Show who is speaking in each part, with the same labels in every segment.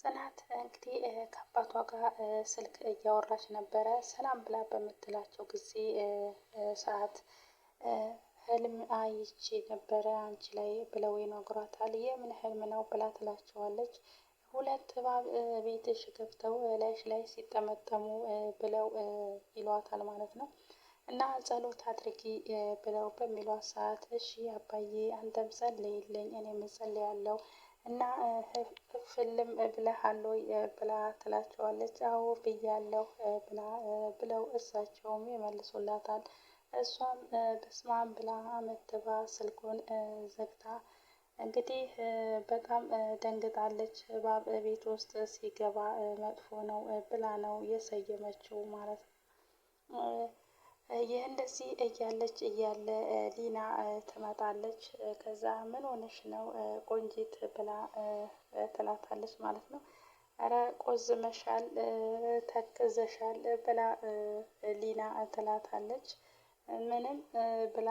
Speaker 1: ጽናት እንግዲህ ከአባቷ ጋር ስልክ እያወራች ነበረ። ሰላም ብላ በምትላቸው ጊዜ ሰዓት ህልም አይቼ ነበረ አንቺ ላይ ብለው ይነግሯታል። የምን ህልም ነው ብላ ትላቸዋለች። ሁለት እባብ ቤትሽ ገብተው ላይሽ ላይ ሲጠመጠሙ ብለው ይሏታል ማለት ነው። እና ጸሎት አድርጊ ብለው በሚሏት ሰዓት እሺ አባዬ አንተም ጸልይልኝ እኔም ጸልያለሁ እና ፍልም ብለሃል ወይ ብላ ትላቸዋለች። አዎ ብያለሁ ብላ ብለው እሳቸውም ይመልሱላታል። እሷም በስማም ብላ መትባ ስልኩን ዘግታ እንግዲህ በጣም ደንግጣለች። እባብ ቤት ውስጥ ሲገባ መጥፎ ነው ብላ ነው የሰየመችው ማለት ነው። ይህ እንደዚህ እያለች እያለ ሊና ትመጣለች። ከዛ ምን ሆነሽ ነው ቆንጂት ብላ ትላታለች ማለት ነው። እረ ቆዝመሻል፣ ተክዘሻል ብላ ሊና ትላታለች። ምንም ብላ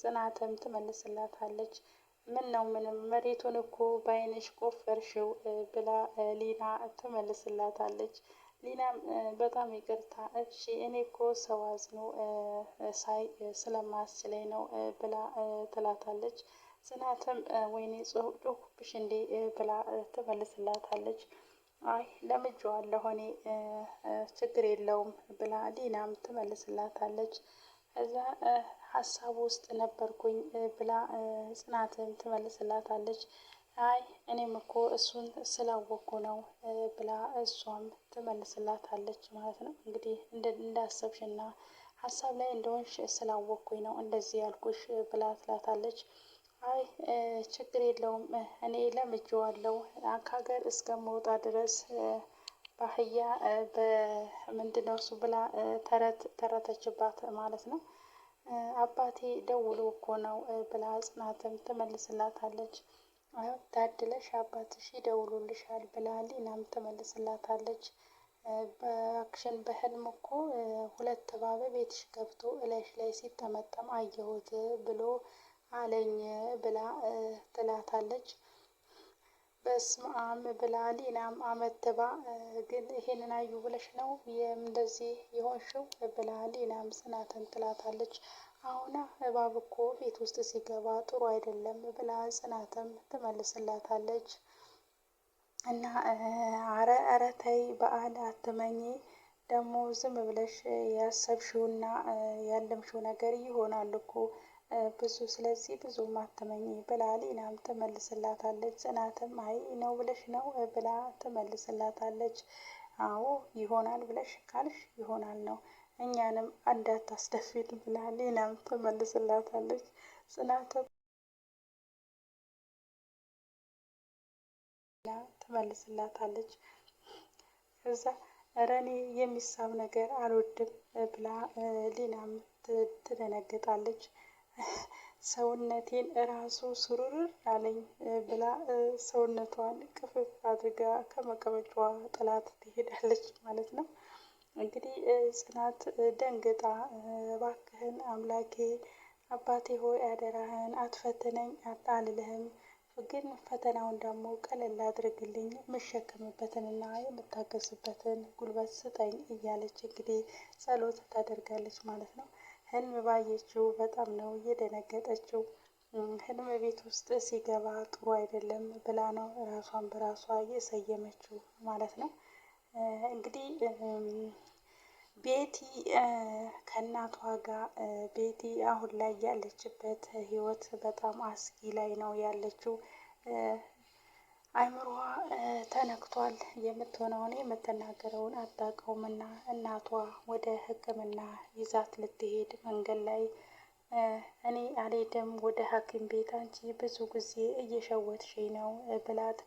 Speaker 1: ጽናትም ትመልስላታለች። ምን ነው ምንም መሬቱን እኮ በአይንሽ ቆፈርሽው ብላ ሊና ትመልስላታለች። ሊናም በጣም ይቅርታ እሺ፣ እኔ እኮ ሰው አዝኖ ሳይ ስለማስለኝ ነው ብላ ትላታለች። ጽናትም ወይኔ ጮህኩብሽ እንዴ ብላ ትመልስላታለች። አይ ለምጄዋለሁ እኔ ችግር የለውም ብላ ሊናም ትመልስላታለች። እዛ ሀሳብ ውስጥ ነበርኩኝ ብላ ጽናትም ትመልስላታለች። አይ እኔም እኮ እሱን ስላወቅኩ ነው ብላ እሷም ትመልስላታለች ማለት ነው። እንግዲህ እንዳሰብሽና ሀሳብ ላይ እንደሆንሽ ስላወቅኩኝ ነው እንደዚህ ያልኩሽ ብላ ትላታለች። አይ ችግር የለውም እኔ ለምጄዋለሁ ከሀገር እስከምወጣ ድረስ ባህያ በምንድን ነው እሱ ብላ ተረት ተረተችባት ማለት ነው። አባቴ ደውሎ እኮ ነው ብላ ጽናትም ትመልስላታለች። ታድለሽ አባትሽ ይደውሉልሻል ብላ ናም ትመልስላታለች። በአክሽን በህልም እኮ ሁለት እባብ ቤትሽ ገብቶ እለሽ ላይ ሲጠመጠም አየሁት ብሎ አለኝ ብላ ትላታለች። በስመ አብ ብላ ሊናም አመትባ ግን ይሄንን አዩ ብለሽ ነው እንደዚህ የሆንሽው ብላ ሊናም ጽናትን ትላታለች። አሁና እባብ እኮ ቤት ውስጥ ሲገባ ጥሩ አይደለም ብላ ጽናትም ትመልስላታለች። እና አረ አረ ተይ በዓል አትመኝ ደግሞ ዝም ብለሽ ያሰብሽውና ያለምሽው ነገር ይሆናል እኮ ብዙ ስለዚህ ብዙም ማተመኝ ብላ ሊናም ትመልስላታለች። ጽናትም አይ ነው ብለሽ ነው ብላ ትመልስላታለች። አዎ ይሆናል ብለሽ ካልሽ ይሆናል ነው እኛንም እንዳታስደፊን ብላ ሌናም ተመልስላታለች። ጽናተ ተመልስላታለች። ከዛ ረኔ የሚሳብ ነገር አልወድም ብላ ሊናም ትደነግጣለች። ሰውነቴን እራሱ ስሩርር አለኝ ብላ ሰውነቷን ቅፍፍ አድርጋ ከመቀመጫዋ ጥላት ትሄዳለች ማለት ነው። እንግዲህ ጽናት ደንግጣ እባክህን አምላኬ አባቴ ሆይ አደራህን አትፈትነኝ አልልህም፣ ግን ፈተናውን ደግሞ ቀለል አድርግልኝ የምሸከምበትንና የምታገዝበትን ጉልበት ስጠኝ እያለች እንግዲህ ጸሎት ታደርጋለች ማለት ነው። ህልም ባየችው በጣም ነው እየደነገጠችው። ህልም ቤት ውስጥ ሲገባ ጥሩ አይደለም ብላ ነው ራሷን በራሷ እየሰየመችው ማለት ነው። እንግዲህ ቤቲ ከእናቷ ጋር ቤቲ አሁን ላይ ያለችበት ህይወት በጣም አስጊ ላይ ነው ያለችው። አይምሯ ተነክቷል። የምትሆነውን የምትናገረውን አታውቀውም እና እናቷ ወደ ሕክምና ይዛት ልትሄድ መንገድ ላይ እኔ አልሄድም ወደ ሐኪም ቤት አንቺ ብዙ ጊዜ እየሸወትሽ ነው ብላት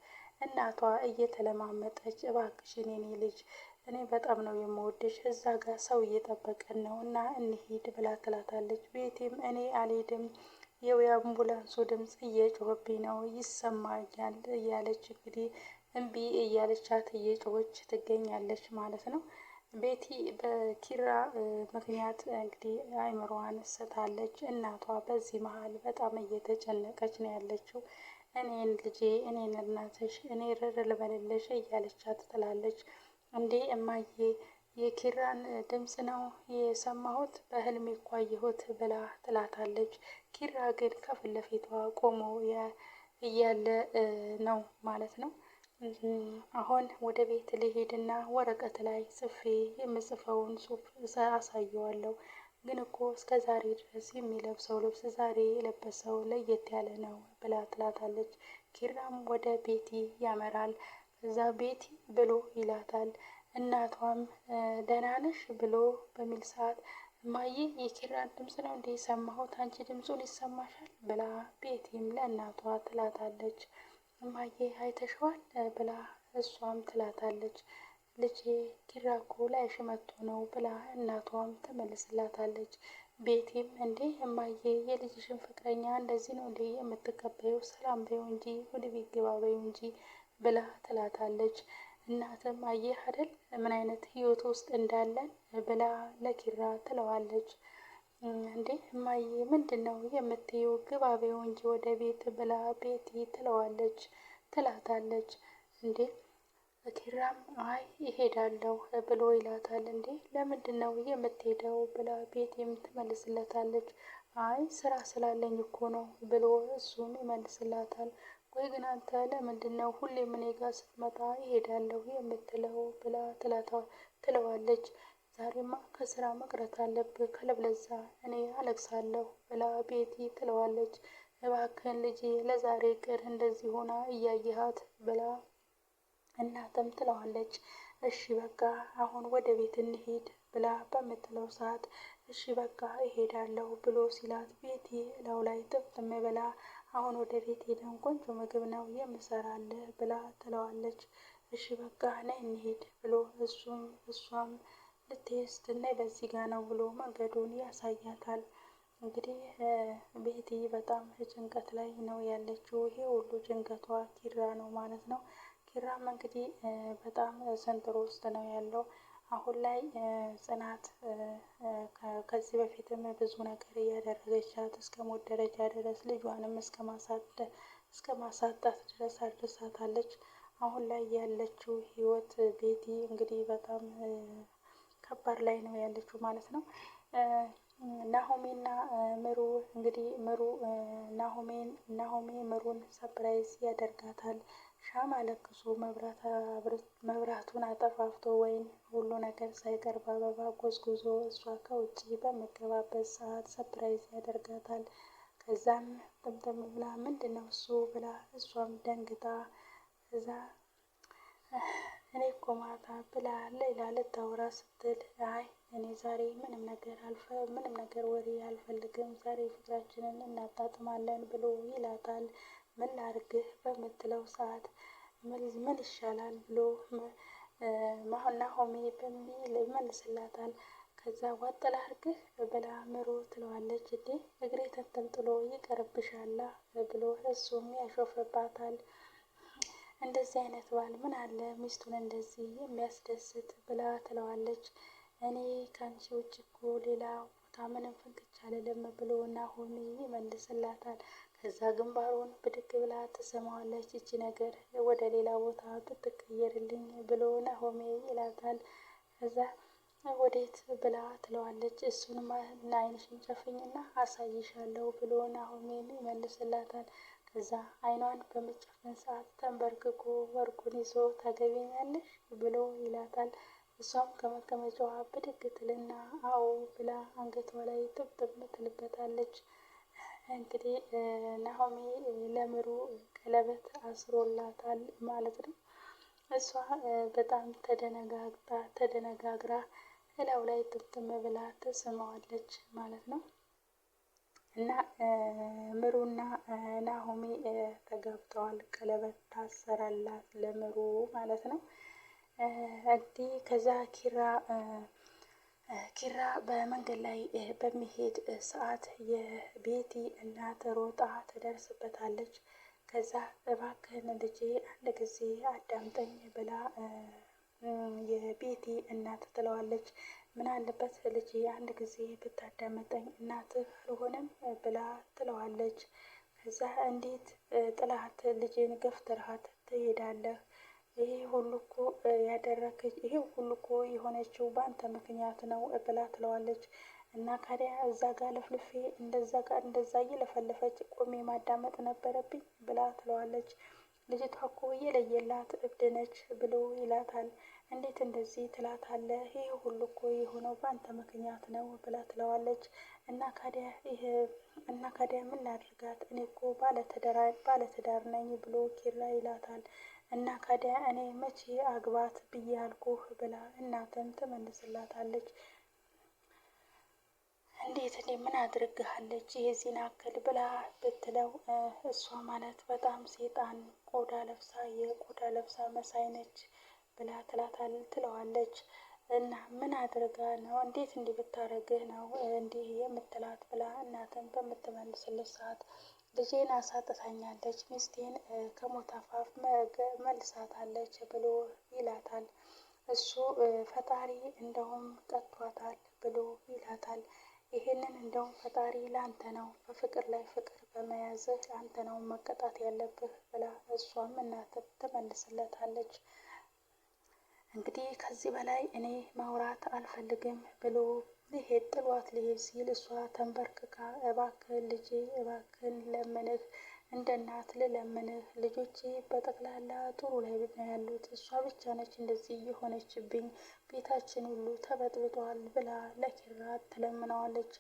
Speaker 1: እናቷ እየተለማመጠች እባክሽን የኔ ልጅ እኔ በጣም ነው የምወድሽ፣ እዛ ጋር ሰው እየጠበቀን ነው እና እንሂድ ብላ ትላታለች። ቤቴም እኔ አልሄድም የአምቡላንሱ ድምፅ እየጮኸብኝ ነው ይሰማኛል እያለች እንግዲህ እምቢ እያለቻት እየጮኸች ትገኛለች ማለት ነው። ቤቲ በኪራ ምክንያት እንግዲህ አእምሮዋን ስታለች። እናቷ በዚህ መሀል በጣም እየተጨነቀች ነው ያለችው። እኔን ልጄ፣ እኔን እናትሽ፣ እኔ ርር ልበልልሽ እያለቻት ትላለች። እንዴ እማዬ የኪራን ድምፅ ነው የሰማሁት በህልም የኳየሁት ብላ ትላታለች። ኪራ ግን ከፊት ለፊቷ ቆሞ እያለ ነው ማለት ነው። አሁን ወደ ቤት ልሄድና ወረቀት ላይ ጽፌ የምጽፈውን ጽሑፍ አሳየዋለሁ። ግን እኮ እስከ ዛሬ ድረስ የሚለብሰው ልብስ ዛሬ የለበሰው ለየት ያለ ነው ብላ ትላታለች። ኪራም ወደ ቤቲ ያመራል። እዛ ቤቲ ብሎ ይላታል። እናቷም ደህና ነሽ ብሎ በሚል ሰዓት እማዬ የኪራን ድምፅ ነው እንዴ የሰማሁት አንቺ ድምፁን ይሰማሻል ብላ ቤቲም ለእናቷ ትላታለች። እማዬ አይተሸዋል ብላ እሷም ትላታለች። ልጄ ኪራ እኮ ላይሽ ነው ብላ እናቷም ትመልስላታለች። ቤቲም እንዴ እማዬ የልጅሽን ፍቅረኛ እንደዚህ ነው እንዴ የምትቀበየው? ሰላም በይው እንጂ ወደ ቤት ግባ በይው እንጂ ብላ ትላታለች። እናትም አየህ አይደል ምን አይነት ህይወት ውስጥ እንዳለን ብላ ለኪራ ትለዋለች። እንዴ እማዬ ምንድን ነው የምትይው? ግባ በይው እንጂ ወደ ቤት ብላ ቤቲ ትለዋለች ትላታለች እንዴ ኪራም አይ ይሄዳለሁ ብሎ ይላታል። እንዴ ለምንድን ነው የምትሄደው ብላ ቤት የምትመልስለታለች። አይ ስራ ስላለኝ እኮ ነው ብሎ እሱም ይመልስላታል። ወይ ግን አንተ ለምንድን ነው ሁሌም እኔ ጋር ስትመጣ ይሄዳለሁ የምትለው ብላ ትለዋለች። ዛሬማ ከስራ መቅረት አለብህ ከለብለዛ እኔ አለቅሳለሁ ብላ ቤቲ ትለዋለች። እባክህን ልጄ ለዛሬ ቅር እንደዚህ ሆና እያየሃት ብላ እናትም ትለዋለች እሺ በቃ አሁን ወደ ቤት እንሂድ ብላ በምትለው ሰዓት እሺ በቃ እሄዳለሁ ብሎ ሲላት ቤቲ እላው ላይ ጥፍጥም ብላ አሁን ወደ ቤት ሄደን ቆንጆ ምግብ ነው የምሰራልህ ብላ ትለዋለች። እሺ በቃ ነይ እንሂድ ብሎ እሱም እሷም ልትስት ነይ በዚህ ጋ ነው ብሎ መንገዱን ያሳያታል። እንግዲህ ቤቲ በጣም ጭንቀት ላይ ነው ያለችው። ይሄ ሁሉ ጭንቀቷ ኪራ ነው ማለት ነው። ኪራም እንግዲህ በጣም ሰንጥሮ ውስጥ ነው ያለው። አሁን ላይ ጽናት ከዚህ በፊትም ብዙ ነገር እያደረገቻት እስከ ሞት ደረጃ ድረስ ልጇንም እስከ ማሳጣት ድረስ አድርሳታለች። አሁን ላይ ያለችው ህይወት ቤቲ እንግዲህ በጣም ከባድ ላይ ነው ያለችው ማለት ነው። ናሆሜና ምሩ እንግዲህ ምሩ ናሆሜ ምሩን ሰፕራይዝ ያደርጋታል። ሻማ ለክሶ መብራቱን አጠፋፍቶ ወይም ሁሉ ነገር ሳይቀር በአበባ ጎዝጉዞ እሷ ከውጭ በምገባበት ሰዓት ሰፕራይዝ ያደርጋታል። ከዛም ጥምጥም ብላ ምንድን ነው እሱ ብላ እሷም ደንግጣ እዛ እኔ እኮ ማታ ብላ ሌላ ልታወራ ስትል አይ እኔ ዛሬ ምንም ነገር አልፈ ምንም ነገር ወሬ አልፈልግም ዛሬ ፍቅራችንን እናጣጥማለን ብሎ ይላታል። ምን ላድርግህ በምትለው ሰዓት ምን ይሻላል ብሎ ናሆሜ በሚል ይመልስላታል። ከዛ ዋጥ ላድርግህ ብላ ምሮ ትለዋለች። እንዴ እግሬ ተንጠልጥሎ ይቀርብሻላ ብሎ እሱም ያሾፈባታል። እንደዚህ አይነት ባል ምን አለ ሚስቱን እንደዚህ የሚያስደስት ብላ ትለዋለች። እኔ ከአንቺ ውጭ እኮ ሌላ ቦታ ምንም ፍንክች አልልም ብሎ ናሆሜ ይመልስላታል። ከዛ ግንባሩን ብድግ ብላ ትስመዋለች። እቺ ነገር ወደ ሌላ ቦታ ብትቀየርልኝ ብሎ ናሆሜ ይላታል። ከዛ ወዴት ብላ ትለዋለች። እሱን አይንሽን ጨፍኝና አሳይሻለሁ ብሎ ናሆሜም ይመልስላታል። ከዛ አይኗን በመጨፈን ሰዓት ተንበርክኮ ወርቁን ይዞ ታገቢኛለሽ ብሎ ይላታል። እሷም ከመቀመጫዋ ብድግ ትልና አዎ ብላ አንገቷ ላይ ጥብጥብ ትልበታለች። እንግዲህ ናሆሜ ለምሩ ቀለበት አስሮላታል ማለት ነው። እሷ በጣም ተደነጋግጣ ተደነጋግራ እላው ላይ ጥምጥም ብላ ተስማዋለች ማለት ነው። እና ምሩና ናሆሜ ተጋብተዋል። ቀለበት ታሰራላት ለምሩ ማለት ነው። እንግዲህ ከዛ ኪራ ኪራ በመንገድ ላይ በሚሄድ ሰዓት የቤቲ እናት ሮጣ ትደርስበታለች። ከዛ እባክህን ልጄ አንድ ጊዜ አዳምጠኝ ብላ የቤቲ እናት ትለዋለች። ምን አለበት ልጄ አንድ ጊዜ ብታዳምጠኝ እናትህ አልሆነም ብላ ትለዋለች። ከዛ እንዴት ጥላት ልጄን ገፍትርሃት ትሄዳለህ? ይሄ ሁሉ እኮ ያደረገች ይሄ ሁሉ እኮ የሆነችው በአንተ ምክንያት ነው ብላ ትለዋለች። እና ካዲያ እዛ ጋር ለፍልፌ እንደዛ ጋር እንደዛ እየለፈለፈች ቆሜ ማዳመጥ ነበረብኝ ብላ ትለዋለች። ልጅቷ እኮ የለየላት እብድ ነች ብሎ ይላታል። እንዴት እንደዚህ ትላታለህ? ይህ ሁሉ እኮ የሆነው በአንተ ምክንያት ነው ብላ ትለዋለች። እና ካዲያ ይህ እና ካዲያ ምን ላድርጋት እኔ እኮ ባለትዳር ነኝ ብሎ ኪራ ይላታል። እና ከዲያ እኔ መቼ አግባት ብያልኩህ ብላ እናትም ትመልስላታለች። እንዴት እኔ ምን አድርግሃለች የዚህን አክል ብላ ብትለው እሷ ማለት በጣም ሴጣን ቆዳ ለብሳ የቆዳ ለብሳ መሳይ ነች ብላ ትላታል ትለዋለች። እና ምን አድርጋ ነው እንዴት እንዲህ ብታደርግህ ነው እንዲህ የምትላት ብላ እናትም በምትመልስልህ ሰዓት ልጄን አሳጥታኛለች፣ ሚስቴን ከሞት አፋፍ መልሳታለች ብሎ ይላታል። እሱ ፈጣሪ እንደውም ቀጥቷታል ብሎ ይላታል። ይህንን እንደውም ፈጣሪ ለአንተ ነው በፍቅር ላይ ፍቅር በመያዝህ አንተ ነው መቀጣት ያለብህ ብላ እሷም እናት ትመልስለታለች። እንግዲህ ከዚህ በላይ እኔ ማውራት አልፈልግም ብሎ ሊሄድ ጥሏት ሊሄድ ሲል እሷ ተንበርክካ እባክህ ልጄ እባክህን ለምንህ እንደ እናት ልለምንህ ልጆቼ በጠቅላላ ጥሩ ላይ ነው ያሉት፣ እሷ ብቻ ነች እንደዚህ የሆነችብኝ፣ ቤታችን ሁሉ ተበጥብጧል ብላ ለኪራ ትለምነዋለች።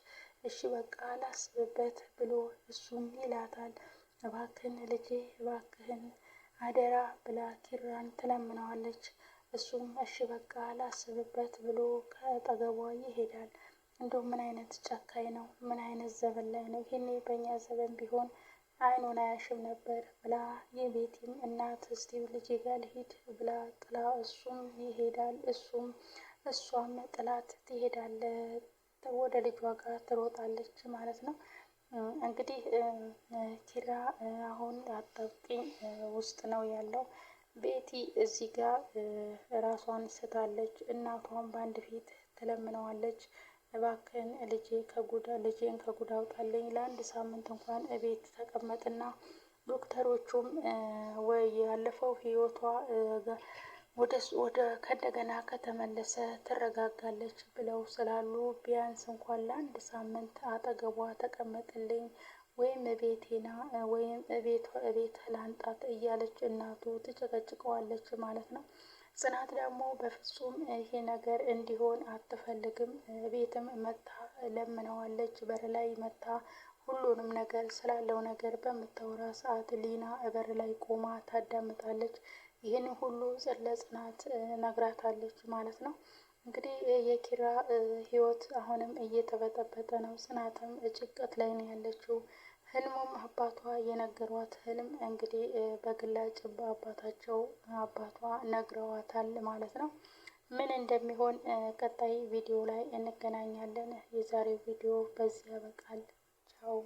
Speaker 1: እሺ በቃ ላስብበት ብሎ እሱም ይላታል። እባክህን ልጄ እባክህን አደራ ብላ ኪራን ትለምነዋለች። እሱም እሺ በቃ አላስብበት ብሎ ከአጠገቧ ይሄዳል። እንደው ምን አይነት ጨካኝ ነው? ምን አይነት ዘበን ላይ ነው? ይህኔ በእኛ ዘበን ቢሆን አይኑን አያሽም ነበር ብላ የቤቲም እናት እስቲ ልጅ ጋር ልሂድ ብላ ጥላ እሱም ይሄዳል። እሱም እሷም ጥላት ትሄዳለ ወደ ልጇ ጋር ትሮጣለች ማለት ነው። እንግዲህ ኪራ አሁን አጣብቂኝ ውስጥ ነው ያለው። ቤቲ እዚህ ጋር ራሷን ስታለች። እናቷን በአንድ ፊት ትለምነዋለች፣ እባክን ልጄ ከጉዳ ልጄን ከጉዳ አውጣልኝ ለአንድ ሳምንት እንኳን እቤት ተቀመጥና ዶክተሮቹም ያለፈው ህይወቷ ወደ ከእንደገና ከተመለሰ ትረጋጋለች ብለው ስላሉ ቢያንስ እንኳን ለአንድ ሳምንት አጠገቧ ተቀመጥልኝ ወይም እቤቴና ወይም እቤት እቤት ላንጣት እያለች እናቱ ትጨቀጭቀዋለች ማለት ነው። ጽናት ደግሞ በፍጹም ይሄ ነገር እንዲሆን አትፈልግም። ቤትም መታ ለምነዋለች። በር ላይ መታ ሁሉንም ነገር ስላለው ነገር በምታወራ ሰዓት ሊና በር ላይ ቆማ ታዳምጣለች። ይህን ሁሉ ለጽናት ነግራታለች ማለት ነው። እንግዲህ የኪራ ህይወት አሁንም እየተበጠበጠ ነው። ጽናትም ጭንቀት ላይ ነው ያለችው። ህልሙም አባቷ የነገሯት ህልም እንግዲህ በግላጭ በአባታቸው አባቷ ነግረዋታል ማለት ነው። ምን እንደሚሆን ቀጣይ ቪዲዮ ላይ እንገናኛለን። የዛሬው ቪዲዮ በዚህ ያበቃል። ቻው